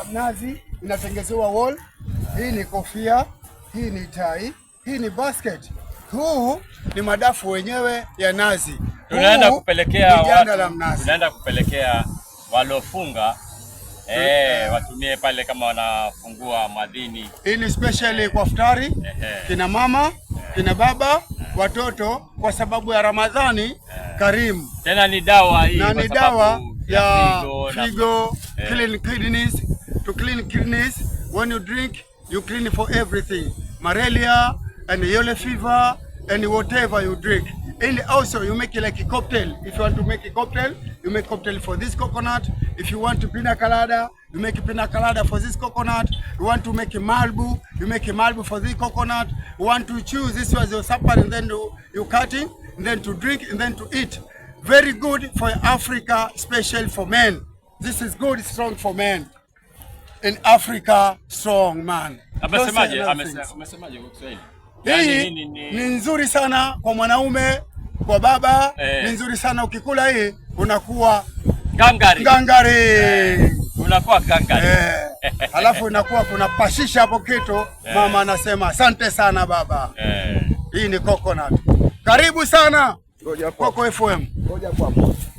ya mnazi inatengezewa wall. Hii ni kofia, hii ni tai, hii ni basket, huu ni madafu wenyewe ya nazi. Tunaenda kupelekea watu, tunaenda kupelekea walofunga Hey, eh, watumie pale kama wanafungua madini. Hii ni specially kwa futari Kina mama Kina baba Watoto kwa sababu ya Ramadhani Karimu tena ni dawa hii na ni dawa ya figo, figo hey. Eh. Clean kidneys to clean kidneys. When you drink, you clean for everything. Malaria and yellow fever and whatever you drink. And also you make it like a cocktail. If you want to make a cocktail, you make cocktail for this coconut. If you want to pina colada, you make a pina colada for this coconut. You want to make a malbu, you make a malbu for this coconut. You want to choose this was your supper and then you cut it, and then to drink and then to eat. Very good for Africa, special for men. This is good, strong for men in Africa strong man. Amesemaje? Amesemaje kwa Kiswahili? Hii ni nzuri sana kwa mwanaume, kwa baba eh. Ni nzuri sana ukikula hii unakuwa gangari, gangari. Eh. Unakuwa gangari. Eh. Alafu inakuwa kuna pashisha hapo kitu eh. Mama anasema asante sana baba eh. Hii ni coconut. Karibu sana Coco FM. Ngoja kwa.